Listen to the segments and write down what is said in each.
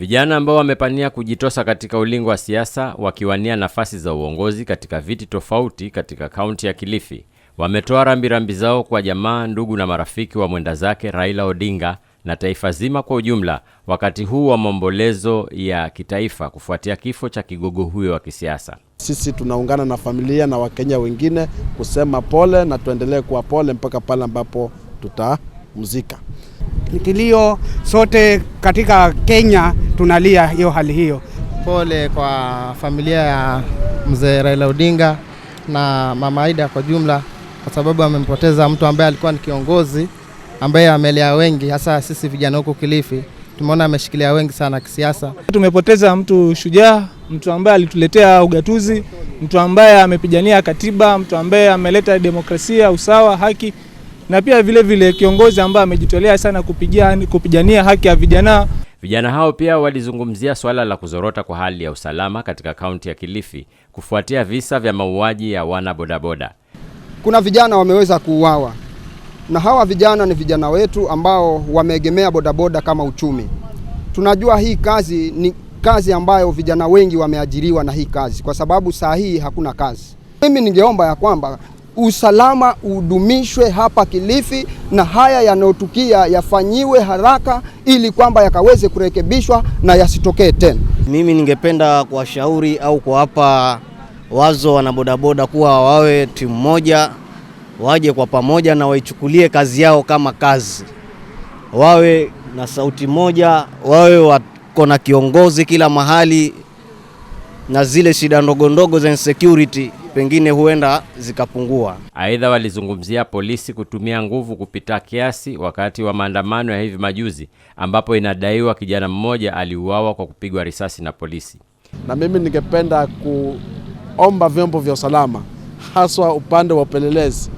Vijana ambao wamepania kujitosa katika ulingo wa siasa wakiwania nafasi za uongozi katika viti tofauti katika kaunti ya Kilifi wametoa rambirambi zao kwa jamaa, ndugu na marafiki wa mwenda zake Raila Odinga na taifa zima kwa ujumla, wakati huu wa maombolezo ya kitaifa kufuatia kifo cha kigogo huyo wa kisiasa. Sisi tunaungana na familia na Wakenya wengine kusema pole na tuendelee kuwa pole mpaka pale ambapo tutamzika. Kilio sote katika Kenya tunalia hiyo hali hiyo. Pole kwa familia ya mzee Raila Odinga na mama Aida kwa jumla, kwa sababu amempoteza mtu ambaye alikuwa ni kiongozi ambaye amelea wengi, hasa sisi vijana huku Kilifi tumeona ameshikilia wengi sana kisiasa. Tumepoteza mtu shujaa, mtu ambaye alituletea ugatuzi, mtu ambaye amepigania katiba, mtu ambaye ameleta demokrasia, usawa, haki na pia vilevile vile kiongozi ambaye amejitolea sana kupigania, kupigania haki ya vijana. Vijana hao pia walizungumzia swala la kuzorota kwa hali ya usalama katika kaunti ya Kilifi kufuatia visa vya mauaji ya wana bodaboda. Kuna vijana wameweza kuuawa, na hawa vijana ni vijana wetu ambao wameegemea bodaboda kama uchumi. Tunajua hii kazi ni kazi ambayo vijana wengi wameajiriwa na hii kazi, kwa sababu saa hii hakuna kazi. Mimi ningeomba ya kwamba usalama udumishwe hapa Kilifi, na haya yanayotukia yafanyiwe haraka ili kwamba yakaweze kurekebishwa na yasitokee tena. Mimi ningependa kuwashauri au kuwapa wazo wanabodaboda kuwa wawe timu moja, waje kwa pamoja na waichukulie kazi yao kama kazi, wawe na sauti moja, wawe wako na kiongozi kila mahali, na zile shida ndogo ndogo za insecurity pengine huenda zikapungua. Aidha, walizungumzia polisi kutumia nguvu kupita kiasi wakati wa maandamano ya hivi majuzi, ambapo inadaiwa kijana mmoja aliuawa kwa kupigwa risasi na polisi. Na mimi ningependa kuomba vyombo vya usalama, haswa upande wa upelelezi.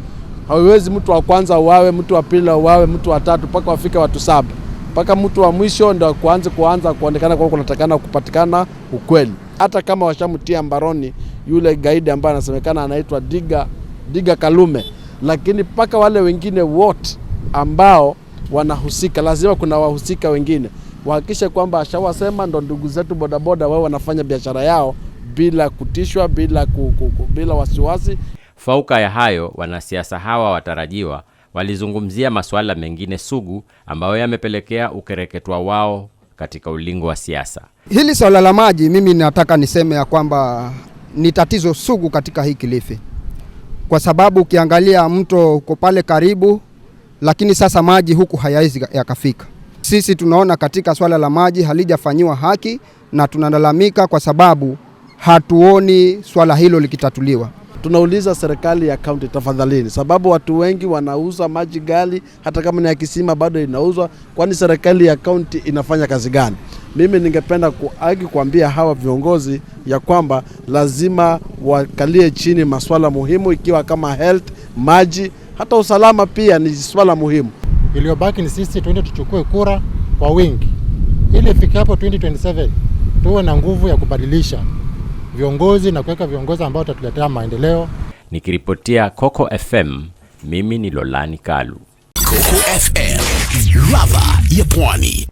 Hauwezi mtu wa kwanza uawe, mtu wa pili uawe, mtu wa tatu, mpaka wafike watu saba, mpaka mtu wa mwisho ndio kuanze kuanza kuonekana kwa kunatakana kupatikana ukweli, hata kama washamtia mbaroni yule gaidi ambaye anasemekana anaitwa Diga, Diga Kalume, lakini mpaka wale wengine wote ambao wanahusika, lazima kuna wahusika wengine wahakikishe kwamba ashawasema ndo ndugu zetu bodaboda wao wanafanya biashara yao bila kutishwa, bila, kukuku, bila wasiwasi. Fauka ya hayo, wanasiasa hawa watarajiwa walizungumzia masuala mengine sugu ambayo yamepelekea ukereketwa wao katika ulingo wa siasa. Hili swala la maji, mimi nataka niseme ya kwamba ni tatizo sugu katika hii Kilifi, kwa sababu ukiangalia mto uko pale karibu, lakini sasa maji huku hayawezi yakafika. Sisi tunaona katika swala la maji halijafanyiwa haki na tunalalamika kwa sababu hatuoni swala hilo likitatuliwa. Tunauliza serikali ya kaunti tafadhalini, sababu watu wengi wanauza maji gali, hata kama ni ya kisima bado inauzwa. Kwani serikali ya kaunti inafanya kazi gani? Mimi ningependa kuagi kuambia hawa viongozi ya kwamba lazima wakalie chini masuala muhimu, ikiwa kama health, maji, hata usalama pia ni swala muhimu. Iliyobaki ni sisi tuende tuchukue kura kwa wingi, ili hapo 2027 tuwe na nguvu ya kubadilisha viongozi na kuweka viongozi ambao watatuletea maendeleo. Nikiripotia Coco FM, mimi ni Lolani Kalu. Coco FM, ladha ya Pwani.